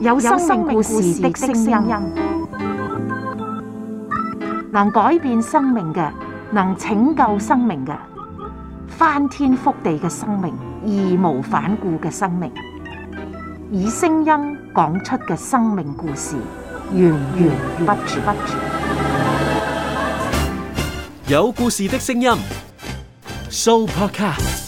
有生命故事的聲音，能改變生命嘅，能拯救生命嘅，翻天覆地嘅生命，義無反顧嘅生命，以聲音講出嘅生命故事，源源不絕。有故事的聲音，Soupercast。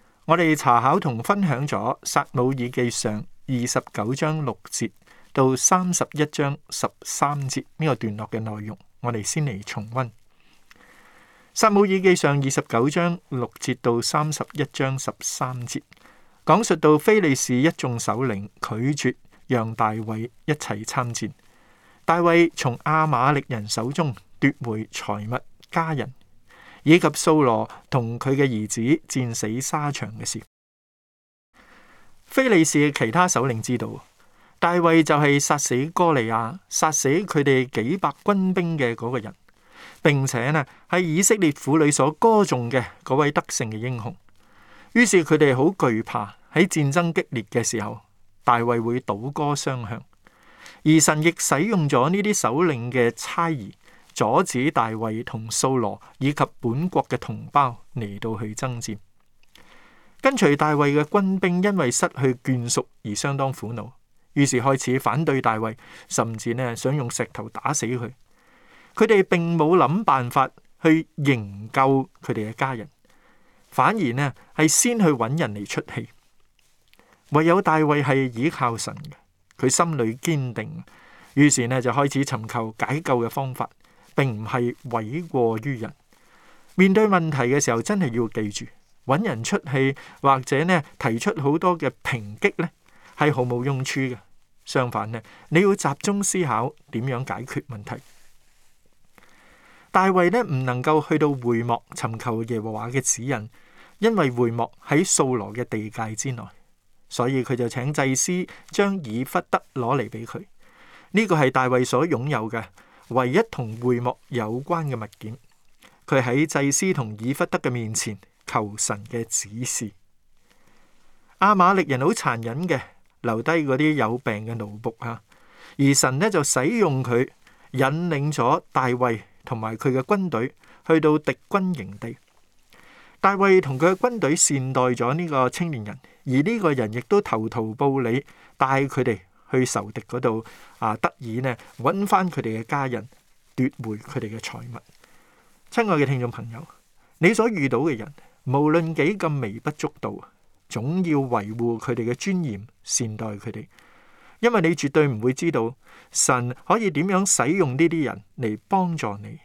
我哋查考同分享咗《撒母耳記上》二十九章六節到三十一章十三節呢個段落嘅內容，我哋先嚟重溫《撒母耳記上》二十九章六節到三十一章十三節，講述到非利士一眾首領拒絕讓大衛一齊參戰，大衛從亞瑪力人手中奪回財物、家人。以及掃羅同佢嘅兒子戰死沙場嘅事，非利士嘅其他首領知道大衛就係殺死哥利亞、殺死佢哋幾百軍兵嘅嗰個人，並且呢係以色列婦女所歌頌嘅嗰位得勝嘅英雄。於是佢哋好懼怕喺戰爭激烈嘅時候，大衛會倒戈相向。而神亦使用咗呢啲首領嘅猜疑。阻止大衛同掃羅以及本國嘅同胞嚟到去爭戰。跟隨大衛嘅軍兵因為失去眷屬而相當苦惱，於是開始反對大衛，甚至呢想用石頭打死佢。佢哋並冇諗辦法去營救佢哋嘅家人，反而呢係先去揾人嚟出氣。唯有大衛係倚靠神嘅，佢心裏堅定，於是呢就開始尋求解救嘅方法。並唔係委過於人。面對問題嘅時候，真係要記住，揾人出氣或者呢提出好多嘅抨擊呢係毫無用處嘅。相反呢，你要集中思考點樣解決問題。大衛呢唔能夠去到會幕尋求耶和華嘅指引，因為會幕喺掃羅嘅地界之內，所以佢就請祭司將以弗得攞嚟俾佢。呢個係大衛所擁有嘅。唯一同會幕有關嘅物件，佢喺祭司同以弗得嘅面前求神嘅指示。亞瑪力人好殘忍嘅，留低嗰啲有病嘅奴僕啊，而神呢，就使用佢引領咗大衛同埋佢嘅軍隊去到敵軍營地。大衛同佢嘅軍隊善待咗呢個青年人，而呢個人亦都投桃報李，帶佢哋。去仇敵嗰度啊，得以呢揾翻佢哋嘅家人，奪回佢哋嘅財物。親愛嘅聽眾朋友，你所遇到嘅人，無論幾咁微不足道，總要維護佢哋嘅尊嚴，善待佢哋，因為你絕對唔會知道神可以點樣使用呢啲人嚟幫助你，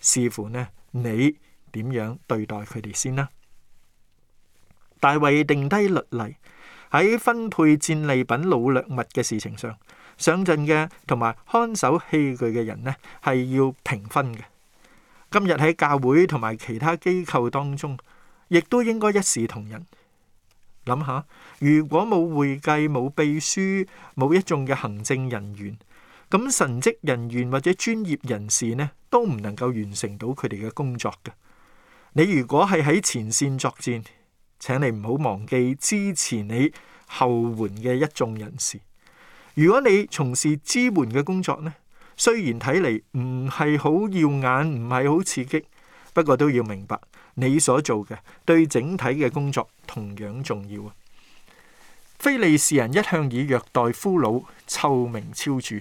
視乎呢你點樣對待佢哋先啦。大衛定低律例。喺分配戰利品、老掠物嘅事情上，上陣嘅同埋看守器具嘅人呢，係要平分嘅。今日喺教會同埋其他機構當中，亦都應該一視同仁。諗下，如果冇會計、冇秘書、冇一眾嘅行政人員，咁神職人員或者專業人士呢，都唔能夠完成到佢哋嘅工作嘅。你如果係喺前線作戰，請你唔好忘記支持你後援嘅一眾人士。如果你從事支援嘅工作呢，雖然睇嚟唔係好耀眼，唔係好刺激，不過都要明白你所做嘅對整體嘅工作同樣重要啊！非利士人一向以虐待俘虜臭名昭著，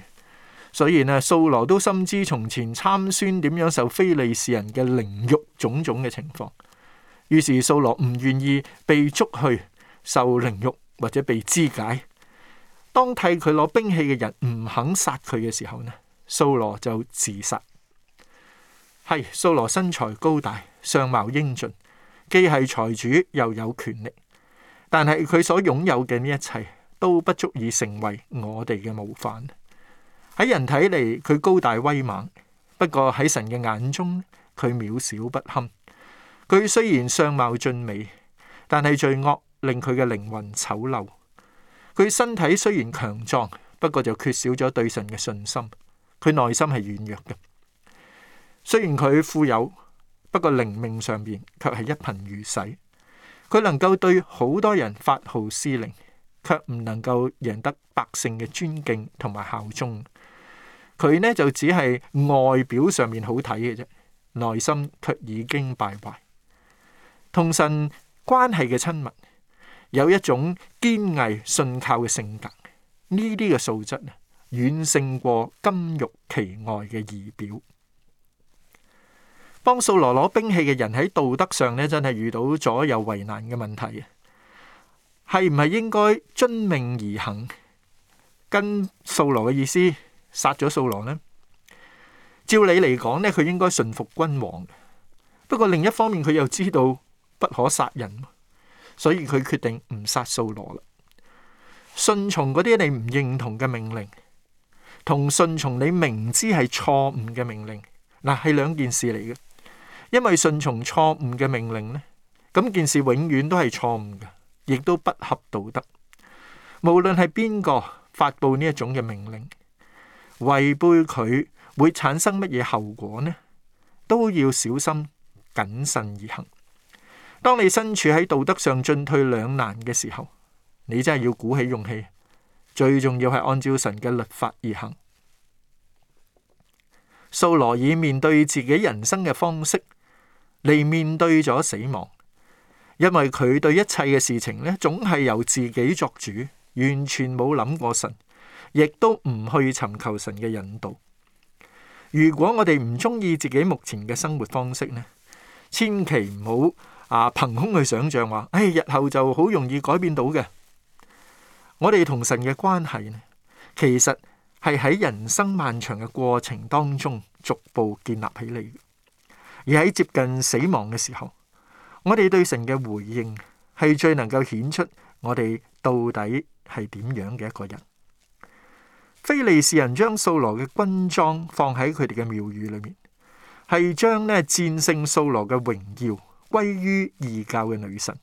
所以呢，掃羅都深知從前參孫點樣受非利士人嘅凌辱種種嘅情況。於是掃羅唔願意被捉去受凌辱或者被肢解。當替佢攞兵器嘅人唔肯殺佢嘅時候呢，掃羅就自殺。係掃羅身材高大，相貌英俊，既係財主又有權力。但係佢所擁有嘅呢一切都不足以成為我哋嘅模範。喺人睇嚟佢高大威猛，不過喺神嘅眼中佢渺小不堪。佢雖然相貌俊美，但係罪惡令佢嘅靈魂醜陋。佢身體雖然強壯，不過就缺少咗對神嘅信心。佢內心係軟弱嘅。雖然佢富有，不過靈命上邊卻係一貧如洗。佢能夠對好多人發號施令，卻唔能夠贏得百姓嘅尊敬同埋效忠。佢呢就只係外表上面好睇嘅啫，內心卻已經敗壞。同神關係嘅親密，有一種堅毅信靠嘅性格，呢啲嘅素質啊，遠勝過金玉其外嘅儀表。幫掃羅攞兵器嘅人喺道德上咧，真係遇到左右為難嘅問題，係唔係應該遵命而行，跟掃羅嘅意思殺咗掃羅呢？照理嚟講呢，佢應該順服君王。不過另一方面，佢又知道。不可殺人，所以佢決定唔殺掃羅啦。順從嗰啲你唔認同嘅命令，同順從你明知係錯誤嘅命令，嗱係兩件事嚟嘅。因為順從錯誤嘅命令呢，咁件事永遠都係錯誤嘅，亦都不合道德。無論係邊個發佈呢一種嘅命令，違背佢會產生乜嘢後果呢？都要小心謹慎而行。當你身處喺道德上進退兩難嘅時候，你真係要鼓起勇氣。最重要係按照神嘅律法而行。掃羅以面對自己人生嘅方式嚟面對咗死亡，因為佢對一切嘅事情咧，總係由自己作主，完全冇諗過神，亦都唔去尋求神嘅引導。如果我哋唔中意自己目前嘅生活方式咧，千祈唔好。啊！憑空去想像話，唉、哎，日後就好容易改變到嘅。我哋同神嘅關係呢，其實係喺人生漫長嘅過程當中逐步建立起嚟。而喺接近死亡嘅時候，我哋對神嘅回應係最能夠顯出我哋到底係點樣嘅一個人。非利士人將掃羅嘅軍裝放喺佢哋嘅廟宇裏面，係將咧戰勝掃羅嘅榮耀，歸於異教嘅女神，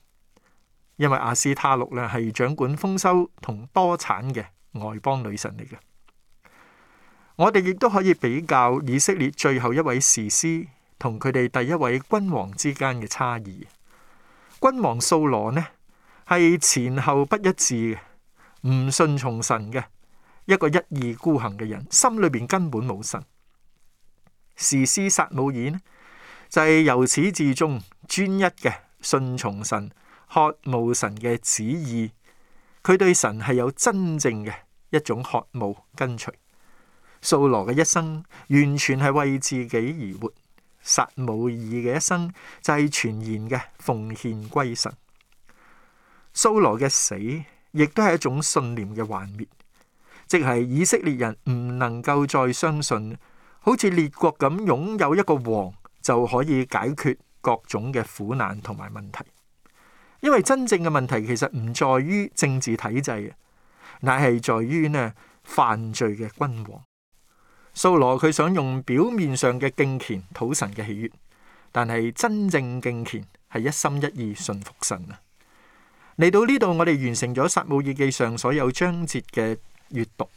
因為阿斯塔禄咧係掌管豐收同多產嘅外邦女神嚟嘅。我哋亦都可以比較以色列最後一位士師同佢哋第一位君王之間嘅差異。君王掃羅呢係前後不一致嘅，唔信從神嘅一個一意孤行嘅人，心裏邊根本冇神。士師撒母耳呢就係、是、由始至終。專一嘅信從神，渴慕神嘅旨意。佢對神係有真正嘅一種渴慕跟隨。掃羅嘅一生完全係為自己而活，撒母耳嘅一生，就係全然嘅奉獻歸神。掃羅嘅死亦都係一種信念嘅幻滅，即係以色列人唔能夠再相信，好似列國咁擁有一個王就可以解決。各種嘅苦難同埋問題，因為真正嘅問題其實唔在於政治體制，乃係在於呢犯罪嘅君王。掃羅佢想用表面上嘅敬虔討神嘅喜悅，但係真正敬虔係一心一意順服神啊。嚟到呢度，我哋完成咗《撒母耳記》上所有章節嘅閱讀，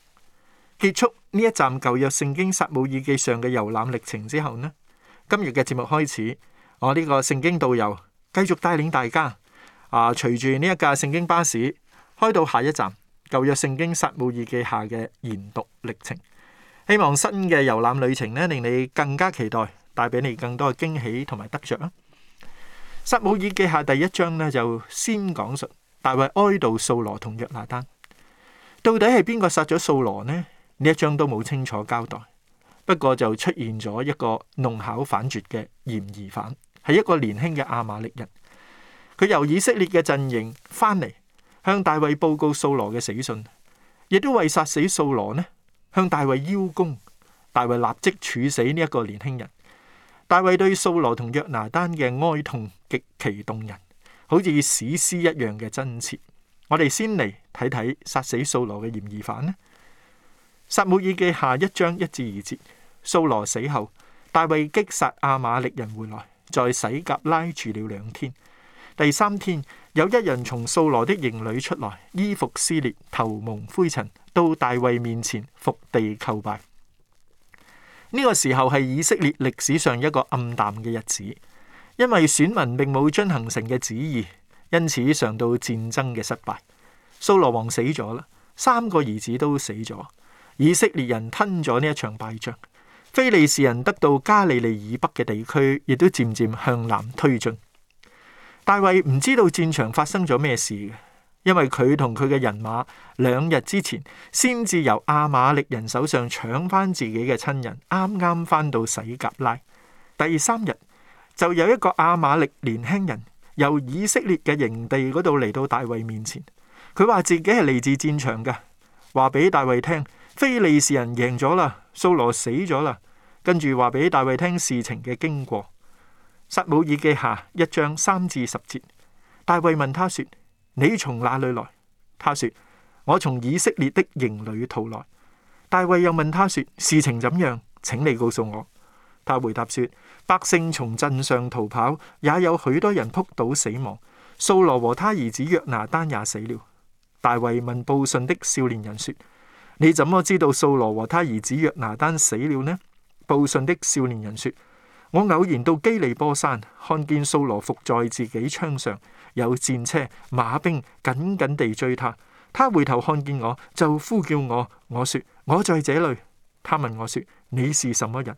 結束呢一站舊約聖經《撒母耳記》上嘅遊覽歷程之後呢，今日嘅節目開始。我呢個聖經導遊繼續帶領大家啊，隨住呢一架聖經巴士開到下一站。舊約聖經撒母耳記下嘅研讀歷程，希望新嘅遊覽旅程呢令你更加期待，帶俾你更多嘅驚喜同埋得着啊。撒母耳記下第一章呢就先講述大衛哀悼掃羅同約拿單。到底係邊個殺咗掃羅呢？呢一章都冇清楚交代，不過就出現咗一個弄巧反拙嘅嫌疑犯。係一個年輕嘅亞瑪力人，佢由以色列嘅陣營翻嚟，向大衛報告掃羅嘅死訊，亦都為殺死掃羅呢向大衛邀功。大衛立即處死呢一個年輕人。大衛對掃羅同約拿單嘅哀痛極其動人，好似史詩一樣嘅真切。我哋先嚟睇睇殺死掃羅嘅嫌疑犯呢。撒母耳記下一章一至二節，掃羅死後，大衛擊殺亞瑪力人回來，在洗甲拉住了兩天，第三天有一人從掃羅的營裏出來，衣服撕裂，頭蒙灰塵，到大衛面前伏地叩拜。呢、這個時候係以色列歷史上一個暗淡嘅日子，因為選民並冇遵行神嘅旨意，因此嘗到戰爭嘅失敗。掃羅王死咗啦，三個兒子都死咗，以色列人吞咗呢一場敗仗。非利士人得到加利利以北嘅地區，亦都漸漸向南推進。大衛唔知道戰場發生咗咩事，因為佢同佢嘅人馬兩日之前先至由亞瑪力人手上搶翻自己嘅親人，啱啱翻到洗革拉。第三日就有一個亞瑪力年輕人由以色列嘅營地嗰度嚟到大衛面前，佢話自己係嚟自戰場嘅，話俾大衛聽。非利士人贏咗啦，掃羅死咗啦，跟住話俾大衛聽事情嘅經過。撒母耳記下一章三至十節，大衛問他說：你從哪裏來？他說：我從以色列的營裏逃來。大衛又問他說：事情怎樣？請你告訴我。他回答說：百姓從鎮上逃跑，也有許多人撲倒死亡。掃羅和他兒子約拿單也死了。大衛問報信的少年人說：你怎麼知道掃羅和他兒子約拿單死了呢？報信的少年人說：我偶然到基利波山，看見掃羅伏在自己槍上，有戰車馬兵緊緊地追他。他回頭看見我，就呼叫我。我說：我在這裏。他問我說：你是什麼人？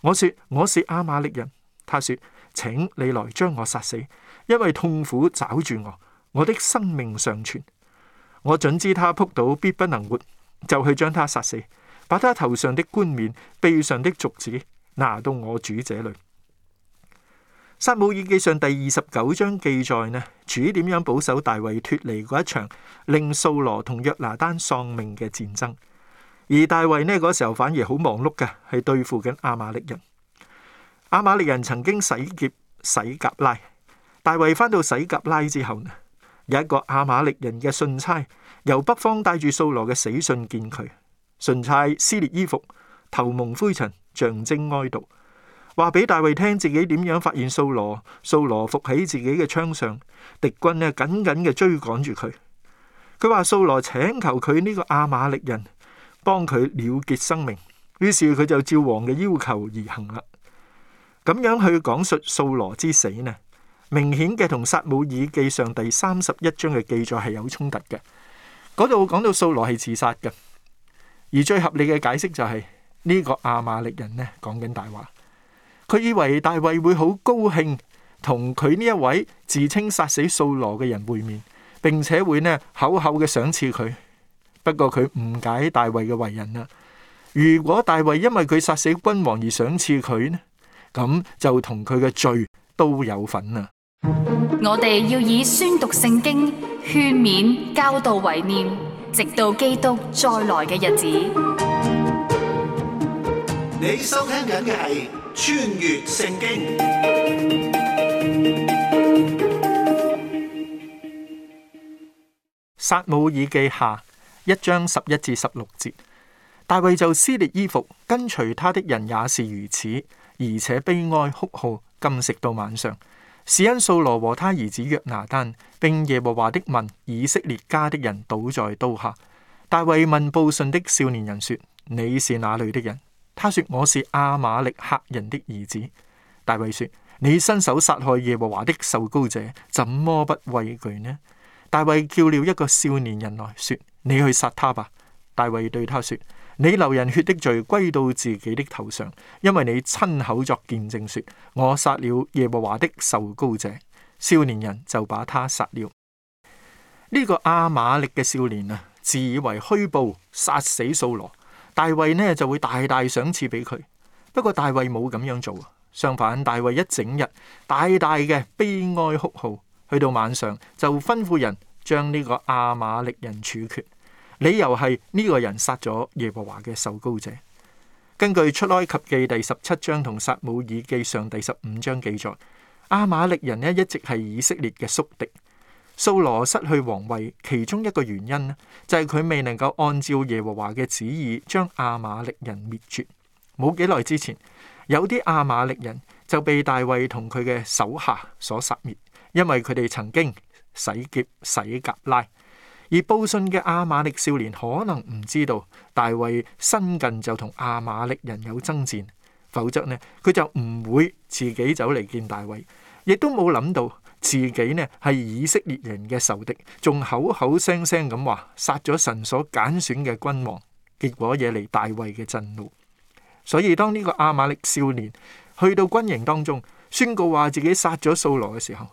我說：我是阿瑪力人。他說：請你來將我殺死，因為痛苦抓住我，我的生命尚存。我準知他仆倒必不能活。就去將他殺死，把他頭上的冠冕、臂上的鐲子拿到我主這裏。撒母耳記上第二十九章記載呢，主點樣保守大衛脫離嗰一場令掃羅同約拿單喪命嘅戰爭。而大衛呢嗰時候反而好忙碌嘅，係對付緊阿瑪力人。阿瑪力人曾經洗劫洗格拉，大衛翻到洗格拉之後呢？有一個阿瑪力人嘅信差，由北方帶住掃羅嘅死訊，見佢。信差撕裂衣服，頭蒙灰塵，象徵哀悼，話俾大衛聽自己點樣發現掃羅。掃羅伏喺自己嘅槍上，敵軍呢緊緊嘅追趕住佢。佢話掃羅請求佢呢個阿瑪力人幫佢了結生命，於是佢就照王嘅要求而行啦。咁樣去講述掃羅之死呢？明顯嘅同撒母耳記上第三十一章嘅記載係有衝突嘅。嗰度講到掃羅係自殺嘅，而最合理嘅解釋就係呢個亞瑪力人呢講緊大話，佢以為大衛會好高興同佢呢一位自稱殺死掃羅嘅人會面，並且會呢厚厚嘅賞賜佢。不過佢誤解大衛嘅為人啦。如果大衛因為佢殺死君王而賞賜佢呢，咁就同佢嘅罪都有份啦。我哋要以宣讀聖經勸勉教導為念，直到基督再來嘅日子。你收聽緊嘅係穿越聖經撒母耳記下一章十一至十六節。大衛就撕裂衣服，跟隨他的人也是如此，而且悲哀哭號，禁食到晚上。是因掃羅和他兒子約拿單，并耶和華的民以色列家的人倒在刀下。大衛問報信的少年人說：你是哪裏的人？他說：我是亞瑪力客人的兒子。大衛說：你伸手殺害耶和華的受膏者，怎麼不畏懼呢？大衛叫了一個少年人來說：你去殺他吧。大衛對他說。你流人血的罪歸到自己的頭上，因為你親口作見證說：我殺了耶和華的受膏者，少年人就把他殺了。呢、這個阿瑪力嘅少年啊，自以為虛報殺死掃羅，大衛呢就會大大賞賜俾佢。不過大衛冇咁樣做，相反，大衛一整日大大嘅悲哀哭號，去到晚上就吩咐人將呢個阿瑪力人處決。理由係呢個人殺咗耶和華嘅受膏者。根據出埃及記第十七章同撒母耳記上第十五章記載，亞瑪力人呢一直係以色列嘅宿敵。掃羅失去皇位，其中一個原因呢，就係佢未能夠按照耶和華嘅旨意將亞瑪力人滅絕。冇幾耐之前，有啲亞瑪力人就被大衛同佢嘅手下所殺滅，因為佢哋曾經洗劫洗格拉。而報信嘅亞瑪力少年可能唔知道大衛新近就同亞瑪力人有爭戰，否則呢，佢就唔會自己走嚟見大衛，亦都冇諗到自己呢係以色列人嘅仇敵，仲口口聲聲咁話殺咗神所揀選嘅君王，結果惹嚟大衛嘅震怒。所以當呢個亞瑪力少年去到軍營當中，宣告話自己殺咗掃羅嘅時候。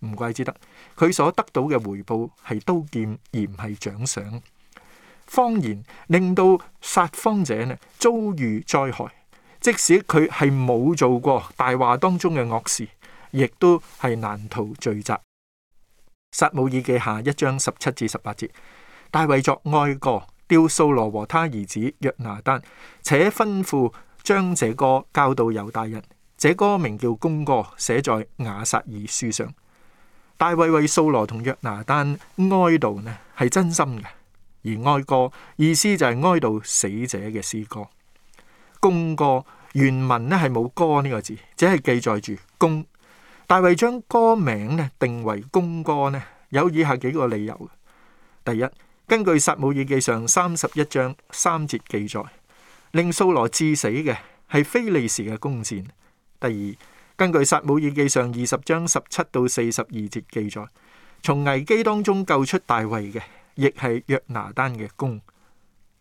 唔怪之得，佢所得到嘅回報係刀劍，而唔係獎賞。謊言令到撒謊者呢遭遇災害，即使佢係冇做過大話當中嘅惡事，亦都係難逃罪責。撒母耳記下一章十七至十八節，大衛作哀歌，吊掃羅和他兒子約拿單，且吩咐將這歌交到猶大人。這歌歌名叫弓歌，寫在雅煞珥書上。大衛為掃羅同約拿單哀悼呢，係真心嘅。而哀歌意思就係哀悼死者嘅詩歌。弓歌原文呢係冇歌呢個字，只係記載住弓。大衛將歌名呢定為弓歌呢，有以下幾個理由：第一，根據撒母耳記上三十一章三節記載，令掃羅致死嘅係非利士嘅弓箭；第二。根據撒母耳記上二十章十七到四十二節記載，從危機當中救出大衛嘅，亦係約拿丹嘅功。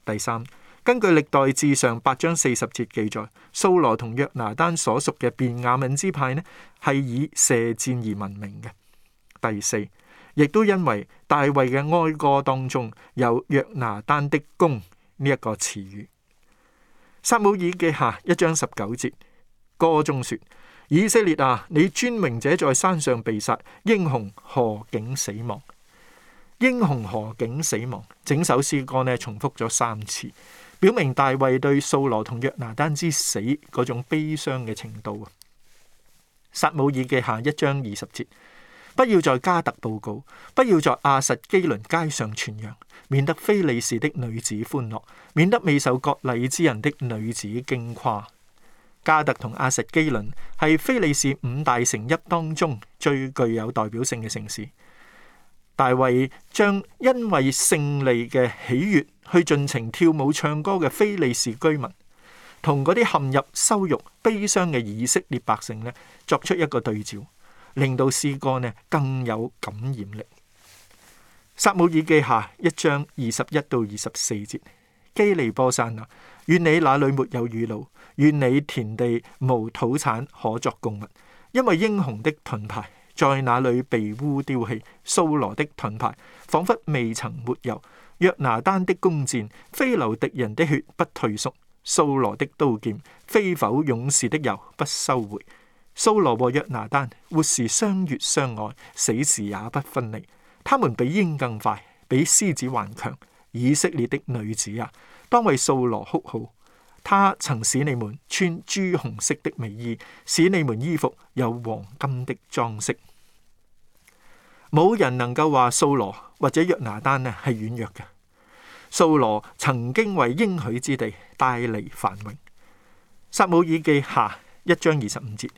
第三，根據歷代志上八章四十節記載，蘇羅同約拿丹所屬嘅便雅憫支派呢，係以射箭而聞名嘅。第四，亦都因為大衛嘅哀歌當中有約拿丹的功呢一個詞語。撒母耳記下一章十九節歌中說。以色列啊，你尊榮者在山上被殺，英雄何竟死亡？英雄何竟死亡？整首詩歌呢重複咗三次，表明大衛對掃羅同約拿單之死嗰種悲傷嘅程度啊。撒母耳記下一章二十節：不要在加特報告，不要在亞實基倫街上傳揚，免得非利士的女子歡樂，免得未受割禮之人的女子驚誇。加特同阿什基倫係非利士五大城邑當中最具有代表性嘅城市。大衛將因為勝利嘅喜悦去盡情跳舞唱歌嘅非利士居民，同嗰啲陷入羞辱、悲傷嘅以色列百姓呢，作出一個對照，令到詩歌呢更有感染力。撒母耳記下一章二十一到二十四節，基利波山啊，願你那裏沒有雨露。願你田地無土產可作供物，因為英雄的盾牌在那裏被污丟棄。掃羅的盾牌仿佛未曾抹油，約拿單的弓箭非流敵人的血不退縮。掃羅的刀劍非否勇士的油不收回。掃羅和約拿單活時相悦相愛，死時也不分離。他們比鷹更快，比獅子還強。以色列的女子啊，當為掃羅哭號。他曾使你們穿朱紅色的美衣，使你們衣服有黃金的裝飾。冇人能夠話掃羅或者約拿單呢係軟弱嘅。掃羅曾經為應許之地帶嚟繁榮。撒母耳記下一章二十五節：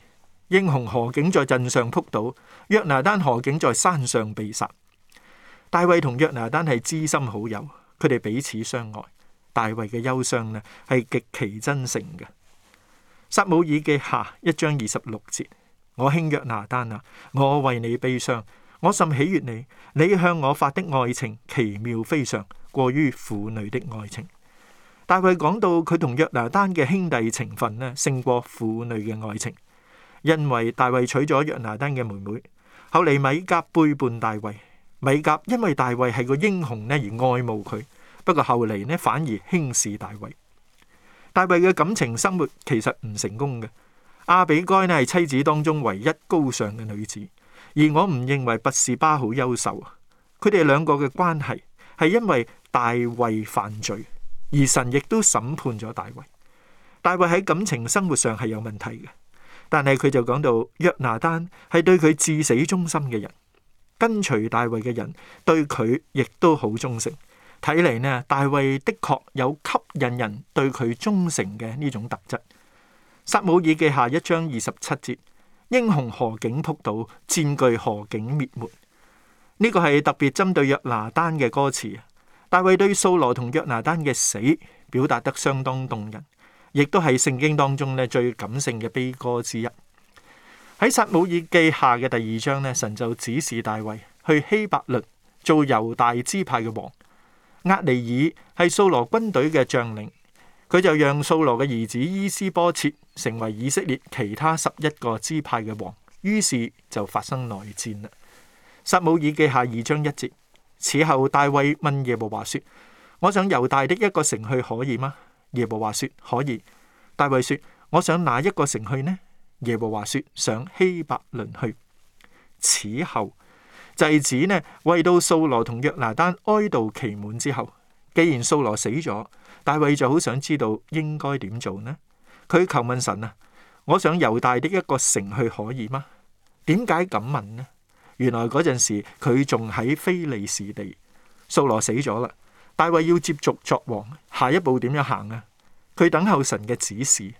英雄何竟在陣上撲倒，約拿單何竟在山上被殺。大衛同約拿單係知心好友，佢哋彼此相愛。大衛嘅憂傷呢，係極其真誠嘅。撒母耳記下一章二十六節：我兄約拿單啊，我為你悲傷，我甚喜悅你。你向我發的愛情奇妙非常，過於婦女的愛情。大衛講到佢同約拿單嘅兄弟情分呢，勝過婦女嘅愛情，因為大衛娶咗約拿單嘅妹妹。後嚟米甲背叛大衛，米甲因為大衛係個英雄呢，而愛慕佢。不過後嚟咧反而輕視大衛，大衛嘅感情生活其實唔成功嘅。阿比該咧係妻子當中唯一高尚嘅女子，而我唔認為拔示巴好優秀啊。佢哋兩個嘅關係係因為大衛犯罪，而神亦都審判咗大衛。大衛喺感情生活上係有問題嘅，但係佢就講到約拿單係對佢至死忠心嘅人，跟隨大衛嘅人對佢亦都好忠誠。睇嚟呢，大衛的確有吸引人對佢忠誠嘅呢種特質。撒母耳記下一章二十七節，英雄何竟仆倒，戰具何竟滅沒呢、這個係特別針對約拿單嘅歌詞。大衛對掃羅同約拿單嘅死表達得相當動人，亦都係聖經當中咧最感性嘅悲歌之一。喺撒母耳記下嘅第二章呢，神就指示大衛去希伯崙做猶大支派嘅王。厄利爾係掃羅軍隊嘅將領，佢就讓掃羅嘅兒子伊斯波切成為以色列其他十一個支派嘅王，於是就發生內戰啦。撒母耳記下二章一節，此後大衛問耶和華說：我想猶大的一個城去可以嗎？耶和華說可以。大衛說：我想哪一個城去呢？耶和華說上希伯倫去。此後。就係指呢，為到掃羅同約拿單哀悼期滿之後，既然掃羅死咗，大衛就好想知道應該點做呢？佢求問神啊，我想猶大的一個城去可以嗎？點解咁問呢？原來嗰陣時佢仲喺非利士地，掃羅死咗啦，大衛要接續作王，下一步點樣行啊？佢等候神嘅指示，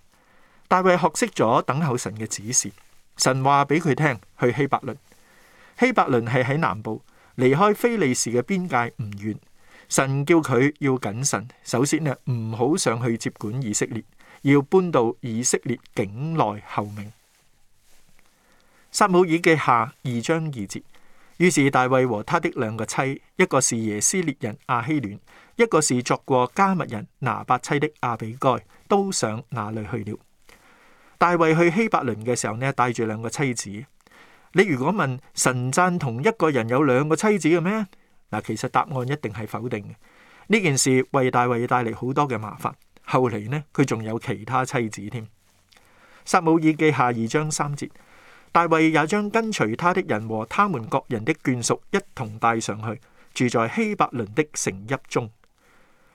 大衛學識咗等候神嘅指示，神話俾佢聽去希伯倫。希伯倫係喺南部，離開非利士嘅邊界唔遠。神叫佢要謹慎，首先呢唔好上去接管以色列，要搬到以色列境內候命。撒母耳記下二章二節，於是大衛和他的兩個妻，一個是耶斯列人亞希暖，一個是作過加密人拿八妻的亞比該，都上那裏去了。大衛去希伯倫嘅時候呢，呢帶住兩個妻子。你如果問神贊同一個人有兩個妻子嘅咩？嗱，其實答案一定係否定嘅。呢件事為大衛帶嚟好多嘅麻煩。後嚟呢，佢仲有其他妻子添。撒母耳記下二章三節，大衛也將跟隨他的人和他們各人的眷屬一同帶上去，住在希伯崙的城邑中。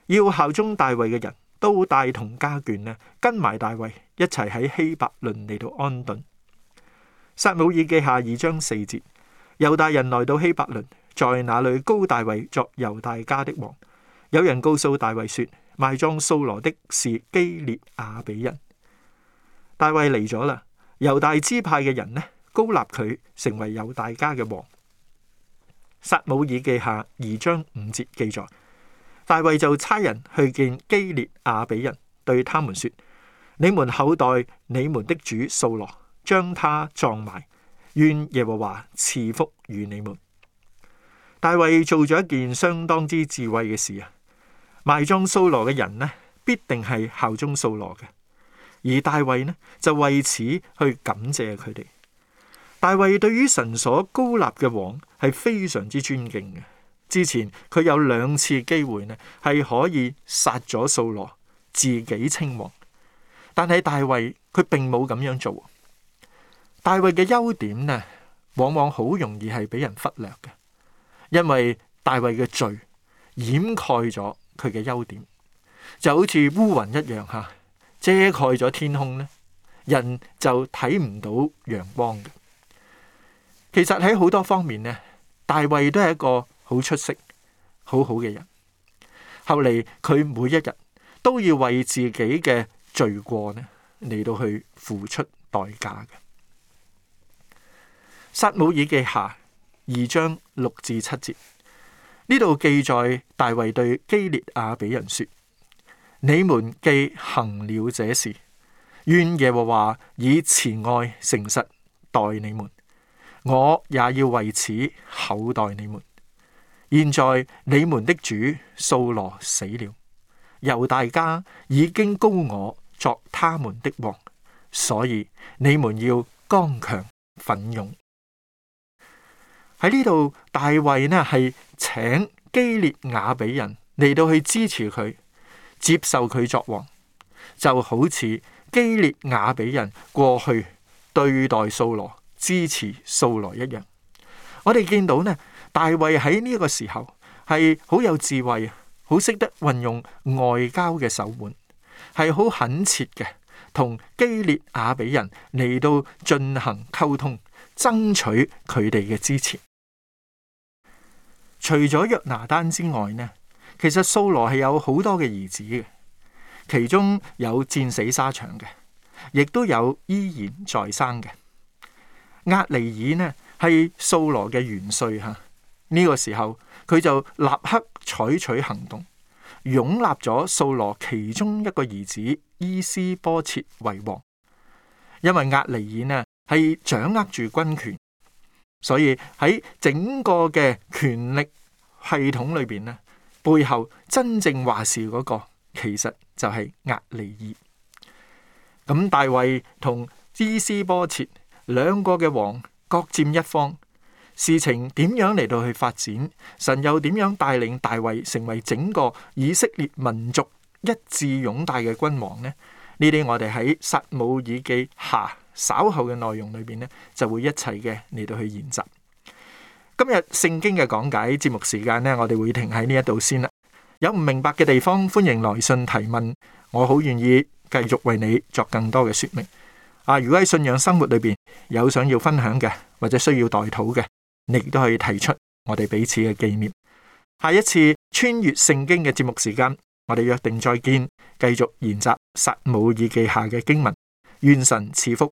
要效忠大衛嘅人都帶同家眷啊，跟埋大衛一齊喺希伯崙嚟到安頓。撒母耳記下二章四節，猶大人來到希伯倫，在那裏高大衛作猶大家的王。有人告訴大衛說，埋葬掃羅的是基列亞比人。大衛嚟咗啦，猶大支派嘅人呢，高立佢成為猶大家嘅王。撒母耳記下二章五節記載，大衛就差人去見基列亞比人，對他們說：你們厚待，你們的主掃羅。將他葬埋，願耶和華賜福與你們。大衛做咗一件相當之智慧嘅事啊！埋葬掃羅嘅人呢，必定係效忠掃羅嘅，而大衛呢就為此去感謝佢哋。大衛對於神所高立嘅王係非常之尊敬嘅。之前佢有兩次機會呢係可以殺咗掃羅，自己稱王，但係大衛佢並冇咁樣做。大衛嘅優點咧，往往好容易係俾人忽略嘅，因為大衛嘅罪掩蓋咗佢嘅優點，就好似烏雲一樣吓，遮蓋咗天空咧，人就睇唔到陽光嘅。其實喺好多方面咧，大衛都係一個好出色、好好嘅人。後嚟，佢每一日都要為自己嘅罪過咧嚟，到去付出代價嘅。撒母耳記下二章六至七節，呢度記載大衛對基列亞、啊、比人說：你們既行了這事，願耶和華以慈愛誠實待你們，我也要為此厚待你們。現在你們的主掃羅死了，猶大家已經膏我作他們的王，所以你們要剛強奮勇。喺呢度，大衛呢係請基列雅比人嚟到去支持佢，接受佢作王，就好似基列雅比人過去對待掃羅、支持掃羅一樣。我哋見到呢，大衛喺呢一個時候係好有智慧，好識得運用外交嘅手腕，係好懇切嘅，同基列雅比人嚟到進行溝通，爭取佢哋嘅支持。除咗約拿單之外呢，其實掃羅係有好多嘅兒子嘅，其中有戰死沙場嘅，亦都有依然在生嘅。押尼珥呢係掃羅嘅元帥吓，呢個時候佢就立刻採取行動，擁立咗掃羅其中一個兒子伊施波設為王，因為押尼珥呢係掌握住軍權。所以喺整個嘅權力系統裏邊咧，背後真正話事嗰、那個其實就係押尼珥。咁大衛同伊施波設兩個嘅王各佔一方，事情點樣嚟到去發展？神又點樣帶領大衛成為整個以色列民族一致擁戴嘅君王呢？呢啲我哋喺撒母耳記下，稍後嘅內容裏邊咧，就會一齊嘅嚟到去研習。今日聖經嘅講解節目時間咧，我哋會停喺呢一度先啦。有唔明白嘅地方，歡迎來信提問，我好願意繼續為你作更多嘅說明。啊，如果喺信仰生活裏邊有想要分享嘅，或者需要代禱嘅，你亦都可以提出，我哋彼此嘅紀念。下一次穿越聖經嘅節目時間，我哋約定再見，繼續研習撒母耳記下嘅經文，願神賜福。